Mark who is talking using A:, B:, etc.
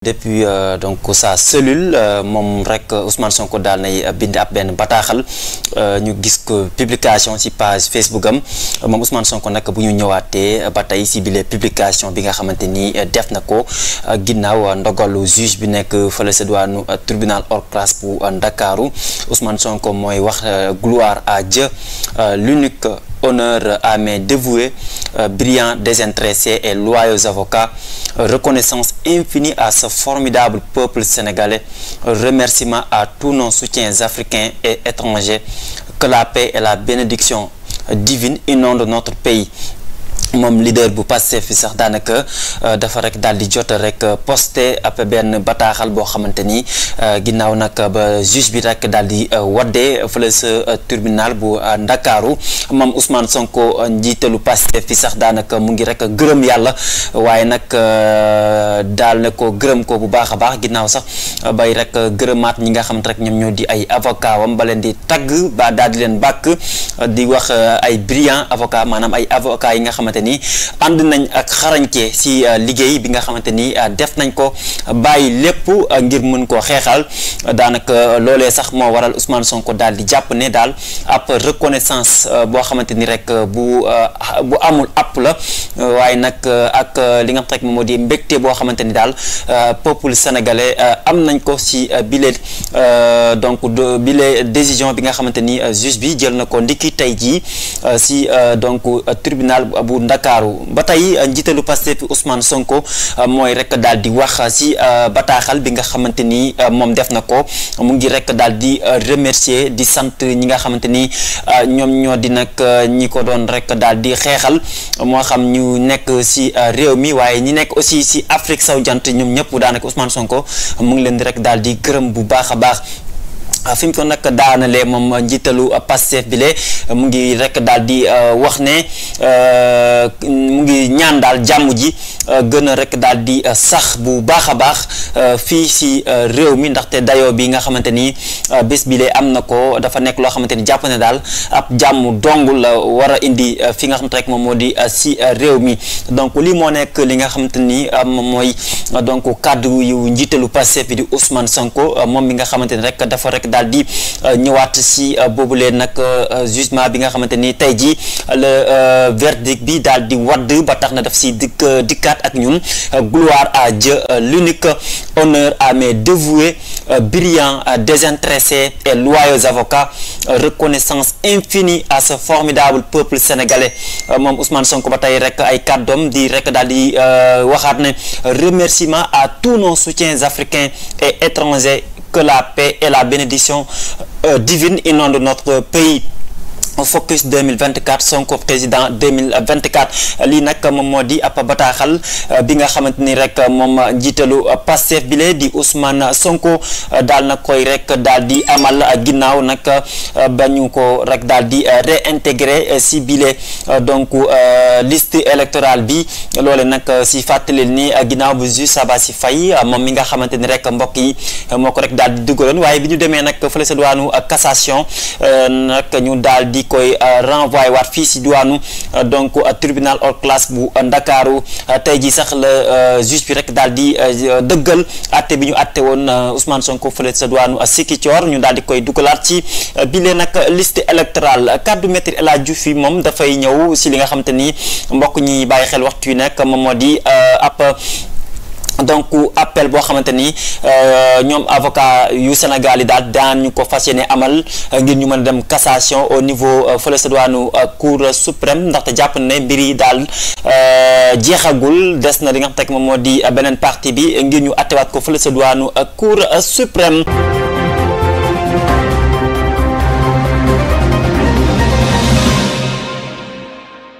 A: depuis euh, donc sa cellule euh, moom rek euh, Ousmane Sonko daal nay euh, bind ab benn bataaxal euh, ñu gis ko publication ci page Facebook am moom Ousmane Sonko nag bu ñu ñëwaatee ba tey ci bile publication bi nga xamante ni def na ko ginnaaw ndogalu juge bi nekk fële sa diwaanu tribunal hors classe bu Ndakaaru Ousmane Sonko mooy wax gloire à l'unique honneur à mes dévoués, euh, brillants, désintéressés et loyaux avocats. Reconnaissance infinie à ce formidable peuple sénégalais. Remerciements à tous nos soutiens africains et étrangers. Que la paix et la bénédiction divine inondent notre pays. moom leader bu Pastef fi sax daanaka euh, dafa rek daal di jot rek euh, poste ab benn bataaxal boo xamante ni euh, ginnaaw nag ba juge bi rek daal di wadde fële sa tribunal bu Ndakaaru moom Ousmane Sonko njiitalu Pastef fi sax daanaka mu ngi rek gërëm yàlla waaye nag daal ne ko gërëm ko bu baax a baax ginnaaw sax bay rek gërëmaat ñi nga xamante rek ñoom ñoo di ay avocat wam ba leen di tagg ba daal di leen bàkk di wax ay brillant avocat maanaam ay avocat yi nga xamante xamante ni ànd nañ ak xarañte si euh, liggéey bi nga xamante ni euh, def nañ ko bàyyi lépp euh, ngir mën koo xeexal daanaka loolee sax moo waral son ko daal di jàpp ne daal ab reconnaissance boo xamante ni rek bu bu amul app la waaye nag ak li nga xam rek moom moo di mbégte boo xamante ni daal peuple sénégalais am nañ ko si bile donc bile décision bi nga xamante ni juge bi jël na ko ndiki tey jii si donc tribunal bu Ndakaaru ba tey euh, njiitalu Pastef Ousmane Sonko euh, mooy rek daal di wax euh, si bataaxal bi nga xamante ni moom def na ko mu ngi rek daal di remercier di sant ñi nga xamante ni ñoom ñoo di nag ñi ko doon rek daal di xeexal moo xam ñu nekk si réew mi waaye ñi nekk aussi si Afrique sowu jant ñoom ñëpp daanaka Ousmane Sonko mu ngi leen di rek daal di gërëm bu baax baax. Ah, fi mu ko nag daanale moom njiitalu Pastef bi le mu ngi rekk daal di euh, wax ne euh, mu ngi ñaan daal jàmm ji Euh, gën a rek daal di euh, sax bu baax a baax euh, fii si réew mi ndaxte dayo bi nga xamante ni bés bi lee am na ko dafa nekk loo xamante ni jàpp ne daal ab jàmm dong la war a indi fi nga xamante rek moom moo di si réew mi donc lii moo nekk li nga xamante ni moom mooy donc kàddu yu njiitalu Pastef bi di moom mi nga xamante ni rek dafa rek daal di ñëwaat si boobu boobulee nag jugement bi nga xamante ni ji le verdict bi daal di wadd ba tax na daf si dikk ak ñun euh, gloire à Dieu euh, l'unique euh, honneur à mes dévoués brillants désintéressés et loyaux avocats reconnaissance infinie à ce formidable peuple sénégalais moom Ousmane Sonko ba tey rek ay kàddoom di rek daal di waxaat ne remerciement à tous nos soutiens africains et étrangers que la paix et la bénédiction divine inondent notre pays focus 2024 Sonko président 2024 lii moom moo di ab bataaxal euh, bi nga xamante ni rek moom njiitalu Pastef bi lee di Ousmane Sonko euh, daal na koy rek daal di amal ginnaaw nag euh, ba ñu ko rek daal di réintégré si bile donc list électorale bi loole nag si fàttali ni ginnaaw bu ju Sabassy Faye moom mi nga xamante ni rek mbokk yi moo ko rek daal di dugaloon waaye bi ñu demee nag fële sa duwaanu cassation nag ñu daal di koy euh, renvoyé waat fii si diwaanu euh, donc euh, tribunal hors classe bu Ndakaaru tey ji sax la juge bi rek daal di dëggal atte bi ñu atte woon Ousmane Sonko fële sa diwaanu Sikicoor ñu daal di koy dugalaat ci bile nag liste électorale kaddu maître El Hadji Diouf moom dafay ñëw si li nga xamante ni mbokk ñi bàyyi xel waxtu yi nekk moom moo di ab donc appel boo xamante ni euh, ñoom avocat yu Sénégal yi daal daan ñu ko fas yéene amal euh, ngir ñu mën a dem cassation au niveau euh, fële sa diwaanu cour suprême ndaxte jàpp ne mbir yi daal jeexagul des na li nga xam te moom moo di beneen partie bi ngir ñu attewaat ko fële sa diwaanu cour suprême